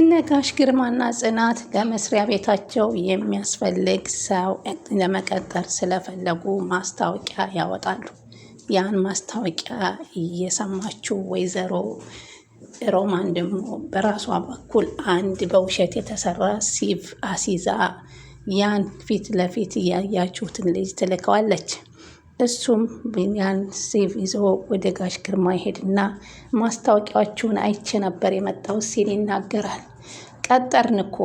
እነጋሽ ግርማና ጽናት ለመስሪያ ቤታቸው የሚያስፈልግ ሰው ለመቀጠር ስለፈለጉ ማስታወቂያ ያወጣሉ። ያን ማስታወቂያ እየሰማችው ወይዘሮ ሮማን ደግሞ በራሷ በኩል አንድ በውሸት የተሰራ ሲቭ አሲዛ ያን ፊት ለፊት እያያችሁትን ልጅ ትልከዋለች። እሱም ያን ሴቭ ይዞ ወደ ጋሽ ግርማ ይሄድና ማስታወቂያዎቹን አይቼ ነበር የመጣው ሲል ይናገራል። ቀጠርን እኮ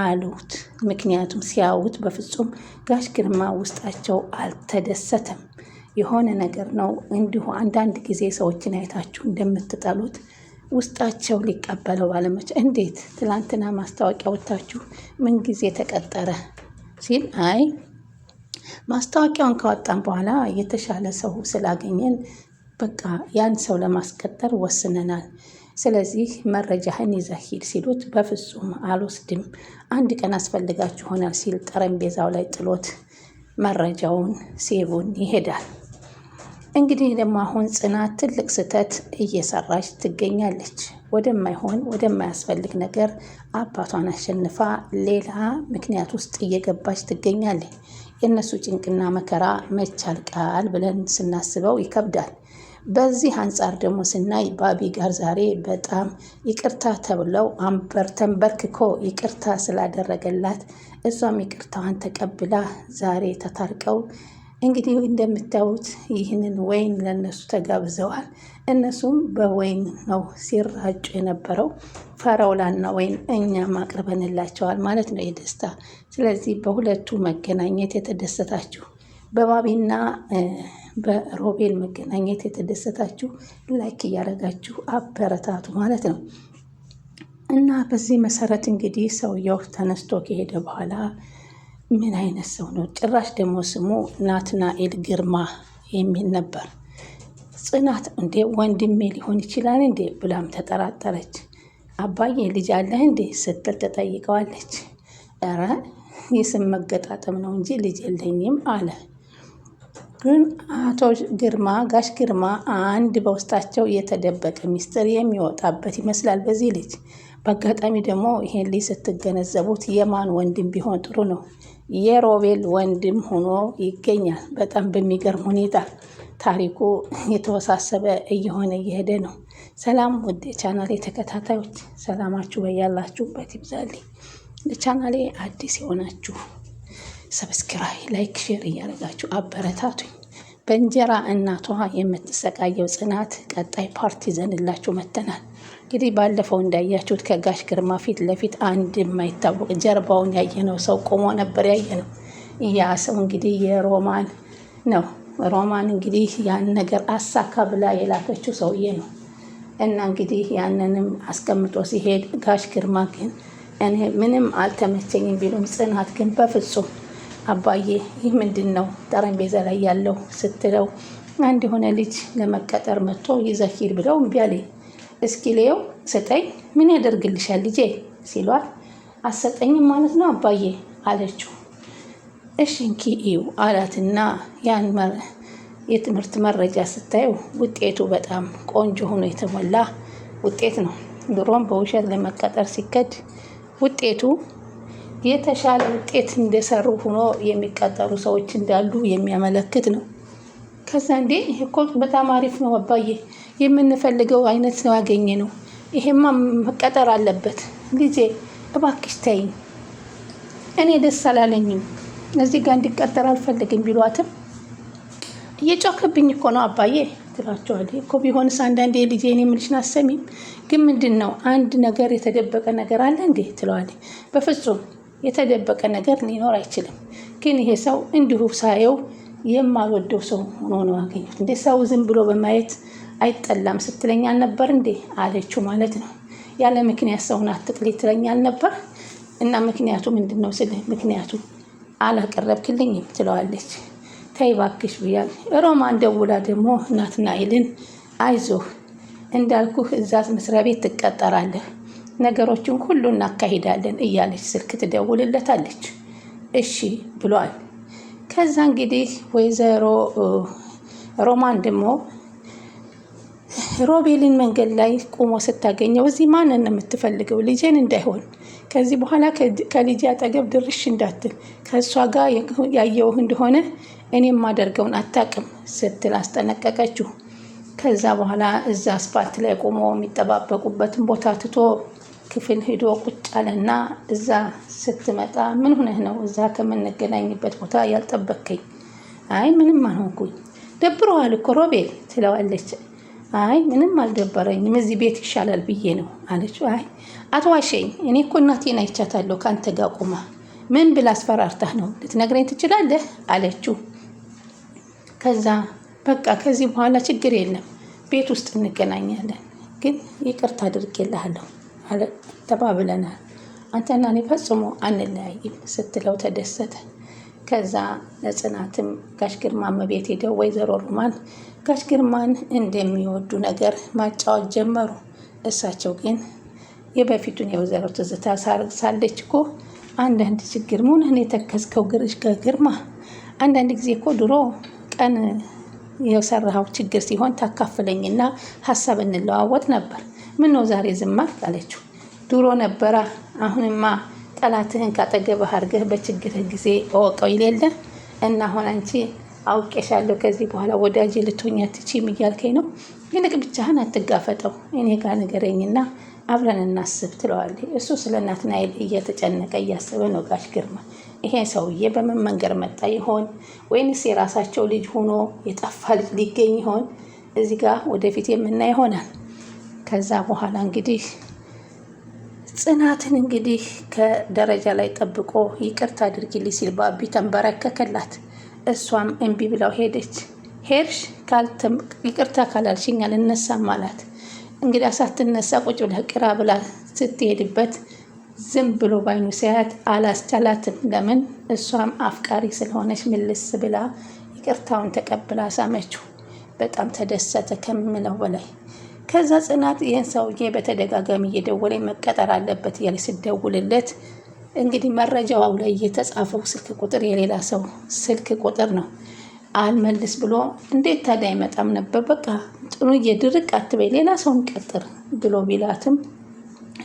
አሉት። ምክንያቱም ሲያዩት በፍጹም ጋሽ ግርማ ውስጣቸው አልተደሰተም። የሆነ ነገር ነው። እንዲሁ አንዳንድ ጊዜ ሰዎችን አይታችሁ እንደምትጠሉት ውስጣቸው ሊቀበለው ባለመች እንዴት ትላንትና ማስታወቂያ ወታችሁ ምን ጊዜ ተቀጠረ ሲል አይ ማስታወቂያውን ካወጣን በኋላ የተሻለ ሰው ስላገኘን በቃ ያን ሰው ለማስቀጠር ወስነናል። ስለዚህ መረጃህን ይዘህ ሂድ ሲሉት በፍጹም አልወስድም፣ አንድ ቀን ይሆናል ሲል ጠረጴዛው ላይ ጥሎት መረጃውን ሴቡን ይሄዳል። እንግዲህ ደግሞ አሁን ጽናት ትልቅ ስህተት እየሰራች ትገኛለች። ወደማይሆን ወደማያስፈልግ ነገር አባቷን አሸንፋ ሌላ ምክንያት ውስጥ እየገባች ትገኛለች። የእነሱ ጭንቅና መከራ መቻል ቃል ብለን ስናስበው ይከብዳል። በዚህ አንጻር ደግሞ ስናይ ባቢ ጋር ዛሬ በጣም ይቅርታ ተብለው አንበር ተንበርክኮ ይቅርታ ስላደረገላት እሷም ይቅርታዋን ተቀብላ ዛሬ ተታርቀው እንግዲህ እንደምታዩት ይህንን ወይን ለነሱ ተጋብዘዋል። እነሱም በወይን ነው ሲራጩ የነበረው። ፈረውላና ወይን እኛም አቅርበንላቸዋል ማለት ነው የደስታ ስለዚህ በሁለቱ መገናኘት የተደሰታችሁ በባቢና በሮቤል መገናኘት የተደሰታችሁ ላይክ እያደረጋችሁ አበረታቱ ማለት ነው። እና በዚህ መሰረት እንግዲህ ሰውየው ተነስቶ ከሄደ በኋላ ምን አይነት ሰው ነው? ጭራሽ ደግሞ ስሙ ናትናኤል ግርማ የሚል ነበር። ጽናት እንዴ ወንድሜ ሊሆን ይችላል እንዴ ብላም ተጠራጠረች። አባዬ ልጅ አለህ እንዴ ስትል ተጠይቀዋለች። ኧረ የስም መገጣጠም ነው እንጂ ልጅ የለኝም አለ። አቶ ግርማ ጋሽ ግርማ አንድ በውስጣቸው የተደበቀ ሚስጥር የሚወጣበት ይመስላል በዚህ ልጅ። በአጋጣሚ ደግሞ ይሄን ልጅ ስትገነዘቡት የማን ወንድም ቢሆን ጥሩ ነው? የሮቤል ወንድም ሆኖ ይገኛል። በጣም በሚገርም ሁኔታ ታሪኩ የተወሳሰበ እየሆነ እየሄደ ነው። ሰላም ውድ የቻናሌ ተከታታዮች፣ ሰላማችሁ በያላችሁበት ይብዛልኝ። ለቻናሌ አዲስ የሆናችሁ ሰብስክራይ ላይክ፣ ሼር እያደረጋችሁ አበረታቱኝ። በእንጀራ እናቷ የምትሰቃየው ጽናት ቀጣይ ፓርቲ ይዘንላችሁ መጥተናል። እንግዲህ ባለፈው እንዳያችሁት ከጋሽ ግርማ ፊት ለፊት አንድ የማይታወቅ ጀርባውን ያየነው ሰው ቆሞ ነበር ያየነው። ያ ሰው እንግዲህ የሮማን ነው። ሮማን እንግዲህ ያን ነገር አሳካ ብላ የላከችው ሰውዬ ነው እና እንግዲህ ያንንም አስቀምጦ ሲሄድ ጋሽ ግርማ ግን እኔ ምንም አልተመቸኝም ቢሉም ጽናት ግን በፍጹም አባዬ ይህ ምንድን ነው ጠረጴዛ ላይ ያለው ስትለው አንድ የሆነ ልጅ ለመቀጠር መጥቶ ይዘኪር ብለው እምቢ አለኝ። እስኪ ልየው ስጠኝ፣ ምን ያደርግልሻል ልጄ ሲሏል፣ አሰጠኝም ማለት ነው አባዬ አለችው። እሺ እንኪ እዩ አላትና ያን የትምህርት መረጃ ስታዩ ውጤቱ በጣም ቆንጆ ሆኖ የተሞላ ውጤት ነው። ድሮም በውሸት ለመቀጠር ሲከድ ውጤቱ የተሻለ ውጤት እንደሰሩ ሆኖ የሚቀጠሩ ሰዎች እንዳሉ የሚያመለክት ነው። ከዛ እንዴ እኮ በጣም አሪፍ ነው አባዬ፣ የምንፈልገው አይነት ነው ያገኘ ነው። ይሄማ መቀጠር አለበት ልጄ፣ እባክሽ ተይኝ፣ እኔ ደስ አላለኝም፣ እዚህ ጋር እንዲቀጠር አልፈልግም ቢሏትም እየጮክብኝ እኮ ነው አባዬ ትላቸዋል እኮ ቢሆንስ፣ አንዳንዴ ልጄ እኔ የምልሽን አሰሚም። ግን ምንድን ነው አንድ ነገር የተደበቀ ነገር አለ እንዴ ትለዋል። በፍጹም የተደበቀ ነገር ሊኖር አይችልም። ግን ይሄ ሰው እንዲሁ ሳየው የማልወደው ሰው ሆኖ ነው ያገኘሁት። እንዴ ሰው ዝም ብሎ በማየት አይጠላም ስትለኝ አልነበር እንዴ አለችው ማለት ነው። ያለ ምክንያት ሰውን አትጥል ትለኝ አልነበር እና ምክንያቱ ምንድን ነው ስል ምክንያቱ አላቀረብክልኝም ትለዋለች። ተይ እባክሽ ብያል። ሮማን ደውላ ደግሞ ናትናኤልን አይዞህ እንዳልኩህ እዛ መስሪያ ቤት ትቀጠራለህ ነገሮችን ሁሉ እናካሄዳለን እያለች ስልክ ትደውልለታለች። እሺ ብሏል። ከዛ እንግዲህ ወይዘሮ ሮማን ደግሞ ሮቤልን መንገድ ላይ ቁሞ ስታገኘው እዚህ ማንን ነው የምትፈልገው? ልጄን እንዳይሆን ከዚህ በኋላ ከልጄ አጠገብ ድርሽ እንዳትል ከእሷ ጋር ያየውህ እንደሆነ እኔም ማደርገውን አታቅም ስትል አስጠነቀቀችው። ከዛ በኋላ እዛ አስፓልት ላይ ቆሞ የሚጠባበቁበትን ቦታ ትቶ ክፍል ሂዶ ቁጭ አለና እዛ ስትመጣ ምን ሆነህ ነው እዛ ከምንገናኝበት ቦታ ያልጠበቅከኝ? አይ ምንም አልሆንኩኝ። ደብሮሃል እኮ ሮቤል ትለዋለች። አይ ምንም አልደበረኝም እዚህ ቤት ይሻላል ብዬ ነው አለችው። አይ አትዋሸኝ፣ እኔ እኮ እናቴን አይቻታለሁ ከአንተ ጋ ቁማ። ምን ብላ አስፈራርታህ ነው ልትነግረኝ ትችላለህ? አለችው። ከዛ በቃ ከዚህ በኋላ ችግር የለም ቤት ውስጥ እንገናኛለን፣ ግን ይቅርታ አድርጌልሃለሁ ተባብለናል። አንተና እኔ ፈጽሞ አንለያይም ስትለው ተደሰተ። ከዛ ለጽናትም ጋሽ ግርማ መቤት ሄደው ወይዘሮ ሩማን ጋሽ ግርማን እንደሚወዱ ነገር ማጫወት ጀመሩ። እሳቸው ግን የበፊቱን የወይዘሮ ትዝታ ሳለች እኮ አንዳንድ ችግር መሆንህን የተከዝከው ግርሽ ከግርማ አንዳንድ ጊዜ እኮ ድሮ ቀን የሰራኸው ችግር ሲሆን ታካፍለኝና ሀሳብ እንለዋወጥ ነበር ምን ነው ዛሬ ዝማት አለችው። ድሮ ነበረ አሁንማ ጠላትህን ካጠገብህ አድርገህ በችግርህ ጊዜ እወቀው ይሌለ እና አሁን አንቺ አውቄሻለሁ ከዚህ በኋላ ወዳጅ ልትሆኛ አትችይም እያልከኝ ነው። ይልቅ ብቻህን አትጋፈጠው፣ እኔ ጋር ንገረኝና አብረን እናስብ ትለዋለች። እሱ ስለ ናትናኤል እየተጨነቀ እያሰበ ነው። ጋሽ ግርማ ይሄ ሰውዬ በምን መንገድ መጣ ይሆን? ወይንስ የራሳቸው ልጅ ሆኖ የጠፋ ልጅ ሊገኝ ይሆን? እዚህ ጋር ወደፊት የምናይ ይሆናል። ከዛ በኋላ እንግዲህ ጽናትን እንግዲህ ከደረጃ ላይ ጠብቆ ይቅርታ አድርጊልኝ ሲል ባቢ ተንበረከከላት። እሷም እምቢ ብለው ሄደች። ሄርሽ ይቅርታ ካላልሽኝ አልነሳም አላት። እንግዲህ ሳትነሳ ቁጭ ብላ ቅራ ብላ ስትሄድበት ዝም ብሎ ባይኑ ሲያያት አላስቻላትም። ለምን እሷም አፍቃሪ ስለሆነች ምልስ ብላ ይቅርታውን ተቀብላ ሳመችው። በጣም ተደሰተ ከምለው በላይ ከዛ ጽናት ይህን ሰውዬ በተደጋጋሚ እየደወለ መቀጠር አለበት እያለ ስደውልለት እንግዲህ መረጃው ላይ የተጻፈው ስልክ ቁጥር የሌላ ሰው ስልክ ቁጥር ነው። አልመልስ ብሎ እንዴት ታዲያ አይመጣም ነበር? በቃ ጥሩዬ ድርቅ አትበይ፣ ሌላ ሰውን ቀጥር ብሎ ቢላትም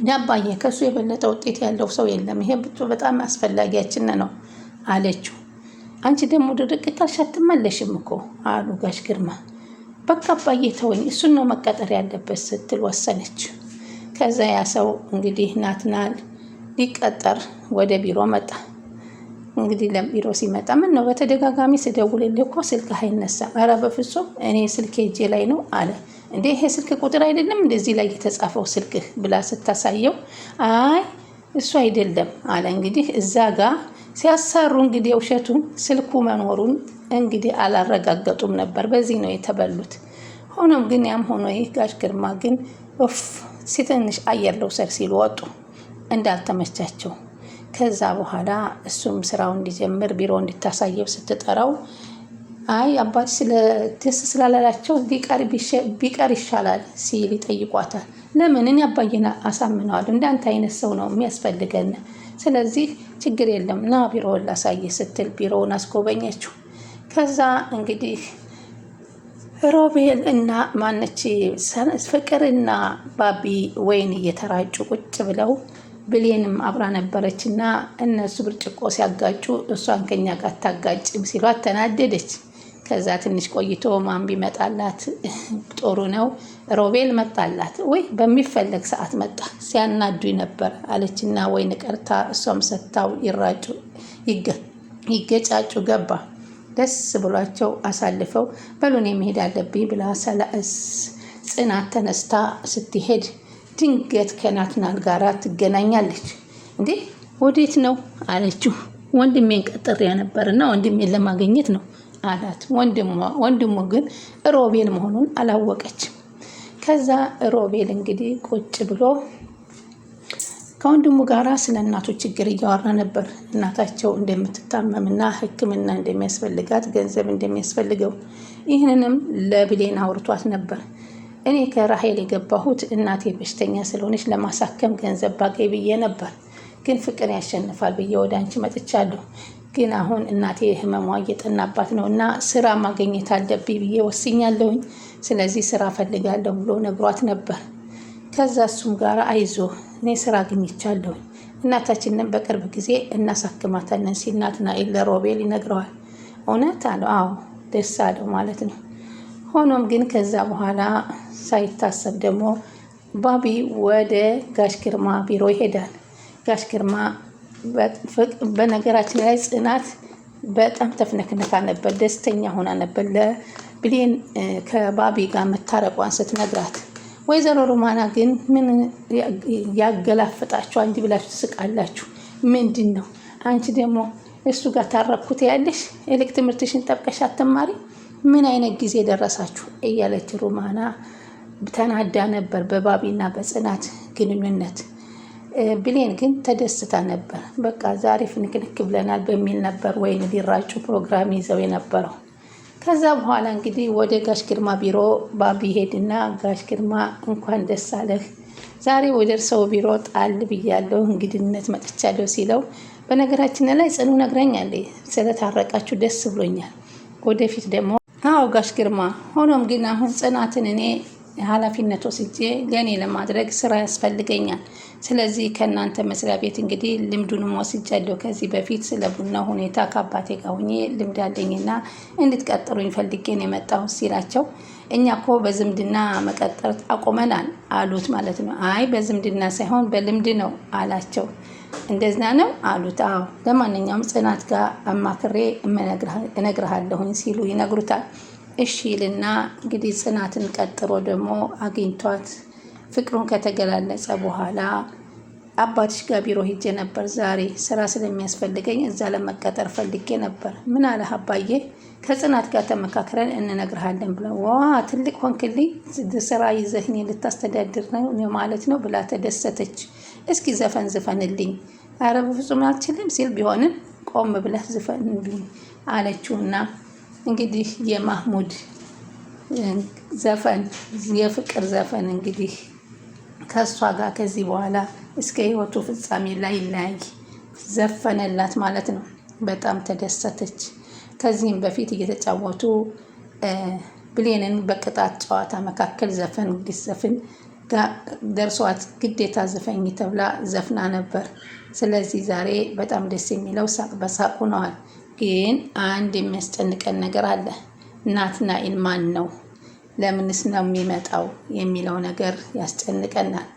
ዳባየ ከሱ የበለጠ ውጤት ያለው ሰው የለም፣ ይሄ በጣም አስፈላጊያችን ነው አለችው። አንቺ ደግሞ ድርቅ ካልሽ አትመለሽም እኮ አሉ ጋሽ ግርማ። በቃ አባዬ ተወኝ፣ እሱን ነው መቀጠር ያለበት ስትል ወሰነች። ከዛ ያ ሰው እንግዲህ ናትናል ሊቀጠር ወደ ቢሮ መጣ። እንግዲህ ለቢሮ ሲመጣ ምን ነው በተደጋጋሚ ስደውልልህ እኮ ስልክ አይነሳም። ኧረ በፍጹም እኔ ስልክ እጄ ላይ ነው አለ። እንዴ ይሄ ስልክ ቁጥር አይደለም እንደዚህ ላይ የተጻፈው ስልክህ ብላ ስታሳየው አይ እሱ አይደለም አለ። እንግዲህ እዛ ጋ ሲያሰሩ እንግዲህ ውሸቱን ስልኩ መኖሩን እንግዲህ አላረጋገጡም ነበር። በዚህ ነው የተበሉት። ሆኖም ግን ያም ሆኖ ይህ ጋሽ ግርማ ግን ፍ ሲትንሽ አየር ልውሰድ ሲሉ ወጡ። እንዳልተመቻቸው ከዛ በኋላ እሱም ስራው እንዲጀምር ቢሮ እንዲታሳየው ስትጠራው አይ አባት ደስ ስላለላቸው ቢቀር ይሻላል ሲል ይጠይቋታል። ለምን እኔ አባዬን እንዳንተ አይነት ሰው ነው የሚያስፈልገን። ስለዚህ ችግር የለም ና ቢሮውን ላሳየ ስትል ቢሮውን አስጎበኘችው። ከዛ እንግዲህ ሮቤል እና ማነች ፍቅርና ባቢ ወይን እየተራጩ ቁጭ ብለው ብሌንም አብራ ነበረች እና እነሱ ብርጭቆ ሲያጋጩ እሷን ከኛ ጋር ታጋጭም ሲሏት ተናደደች። ከዛ ትንሽ ቆይቶ ማን ቢመጣላት ጥሩ ነው? ሮቤል መጣላት። ወይ በሚፈለግ ሰዓት መጣ፣ ሲያናዱ ነበር አለችና ወይን ቀርታ እሷም ሰታው ይራጩ ይገጫጩ ገባ ደስ ብሏቸው አሳልፈው በሉን የሚሄድ አለብኝ ብላ ጽናት ተነስታ ስትሄድ ድንገት ከናትናል ጋራ ትገናኛለች። እንዴ ወዴት ነው አለችው። ወንድሜን ቀጠሪያ እና ወንድሜን ለማግኘት ነው አላት። ወንድሙ ግን ሮቤል መሆኑን አላወቀችም። ከዛ ሮቤል እንግዲህ ቁጭ ብሎ ከወንድሙ ጋራ ስለ እናቱ ችግር እያወራ ነበር። እናታቸው እንደምትታመምና ሕክምና እንደሚያስፈልጋት ገንዘብ እንደሚያስፈልገው ይህንንም ለብሌን አውርቷት ነበር። እኔ ከራሄል የገባሁት እናቴ በሽተኛ ስለሆነች ለማሳከም ገንዘብ ባገኝ ብዬ ነበር፣ ግን ፍቅር ያሸንፋል ብዬ ወደ አንቺ መጥቻለሁ። ግን አሁን እናቴ ህመሟ እየጠናባት ነው እና ስራ ማገኘት አለብኝ ብዬ ወስኛለሁኝ። ስለዚህ ስራ ፈልጋለሁ ብሎ ነግሯት ነበር። ከዛ እሱም ጋር አይዞህ እኔ ስራ አግኝቻለሁ፣ እናታችንን በቅርብ ጊዜ እናሳክማታለን ሲል ናትናኤል ለሮቤል ይነግረዋል። እውነት አለው። አዎ ደስ አለው ማለት ነው። ሆኖም ግን ከዛ በኋላ ሳይታሰብ ደግሞ ባቢ ወደ ጋሽ ግርማ ቢሮ ይሄዳል። ጋሽ ግርማ በነገራችን ላይ ጽናት በጣም ተፍነክነካ ነበር፣ ደስተኛ ሆና ነበር ለብሌን ከባቢ ጋር መታረቋን ስትነግራት ወይዘሮ ሮማና ግን ምን ያገላፍጣችሁ አንቺ ብላችሁ ትስቃላችሁ። ምንድን ነው አንቺ ደግሞ እሱ ጋር ታረኩት ያለሽ እልቅ ትምህርትሽን ጠብቀሽ አትማሪ ምን አይነት ጊዜ ደረሳችሁ እያለች ሮማና ተናዳ ነበር በባቢና በጽናት ግንኙነት። ብሌን ግን ተደስታ ነበር። በቃ ዛሬ ፍንክንክ ብለናል በሚል ነበር ወይን ሊራጩ ፕሮግራም ይዘው የነበረው። ከዛ በኋላ እንግዲህ ወደ ጋሽ ግርማ ቢሮ ቢሄድና ጋሽ ግርማ እንኳን ደስ አለህ፣ ዛሬ ወደ እርሰው ቢሮ ጣል ብያለሁ፣ እንግድነት መጥቻለሁ ሲለው በነገራችን ላይ ጽኑ ነግራኛለች፣ ስለታረቃችሁ ደስ ብሎኛል። ወደፊት ደግሞ አዎ ጋሽ ግርማ፣ ሆኖም ግን አሁን ጽናትን እኔ ኃላፊነት ወስጄ ለእኔ ለማድረግ ስራ ያስፈልገኛል። ስለዚህ ከእናንተ መስሪያ ቤት እንግዲህ ልምዱንም ወስጃለሁ። ከዚህ በፊት ስለ ቡና ሁኔታ ከአባቴ ጋር ሁኜ ልምድ አለኝና እንድትቀጥሩኝ ፈልጌ ነው የመጣሁት ሲላቸው እኛ እኮ በዝምድና መቀጠር አቁመናል አሉት ማለት ነው። አይ በዝምድና ሳይሆን በልምድ ነው አላቸው። እንደዚያ ነው አሉት። አዎ ለማንኛውም ጽናት ጋር አማክሬ እነግርሃለሁኝ ሲሉ ይነግሩታል። እሺ ይልና እንግዲህ ጽናትን ቀጥሮ ደግሞ አግኝቷት ፍቅሩን ከተገላለጸ በኋላ አባትሽ ጋር ቢሮ ሄጄ ነበር። ዛሬ ስራ ስለሚያስፈልገኝ እዛ ለመቀጠር ፈልጌ ነበር። ምን አለ አባዬ? ከጽናት ጋር ተመካክረን እንነግርሃለን ብለው ዋ ትልቅ ሆንክልኝ፣ ስራ ይዘህ ልታስተዳድር ነው ማለት ነው ብላ ተደሰተች። እስኪ ዘፈን ዝፈንልኝ። አረ በፍጹም አልችልም ሲል ቢሆንም ቆም ብለህ ዝፈንልኝ አለችውና እንግዲህ የማህሙድ ዘፈን የፍቅር ዘፈን እንግዲህ ከእሷ ጋር ከዚህ በኋላ እስከ ህይወቱ ፍጻሜ ላይ ላይ ዘፈነላት ማለት ነው። በጣም ተደሰተች። ከዚህም በፊት እየተጫወቱ ብሌንን በቅጣት ጨዋታ መካከል ዘፈን እንዲዘፍን ደርሷት ግዴታ ዘፈኝ ተብላ ዘፍና ነበር። ስለዚህ ዛሬ በጣም ደስ የሚለው ሳቅ በሳቅ ሆነዋል። ግን አንድ የሚያስጨንቀን ነገር አለ። ናትናኤል ማን ነው? ለምንስ ነው የሚመጣው የሚለው ነገር ያስጨንቀናል።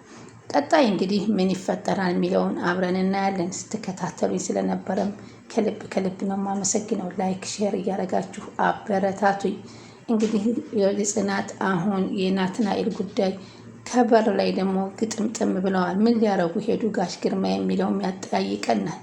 ቀጣይ እንግዲህ ምን ይፈጠራል የሚለውን አብረን እናያለን። ስትከታተሉኝ ስለነበረም ከልብ ከልብ ነው የማመሰግነው። ላይክ፣ ሼር እያደረጋችሁ አበረታቱኝ። እንግዲህ ጽናት አሁን የናትናኤል ጉዳይ ከበር ላይ ደግሞ ግጥምጥም ብለዋል። ምን ሊያረጉ ሄዱ ጋሽ ግርማ የሚለውም ያጠያይቀናል።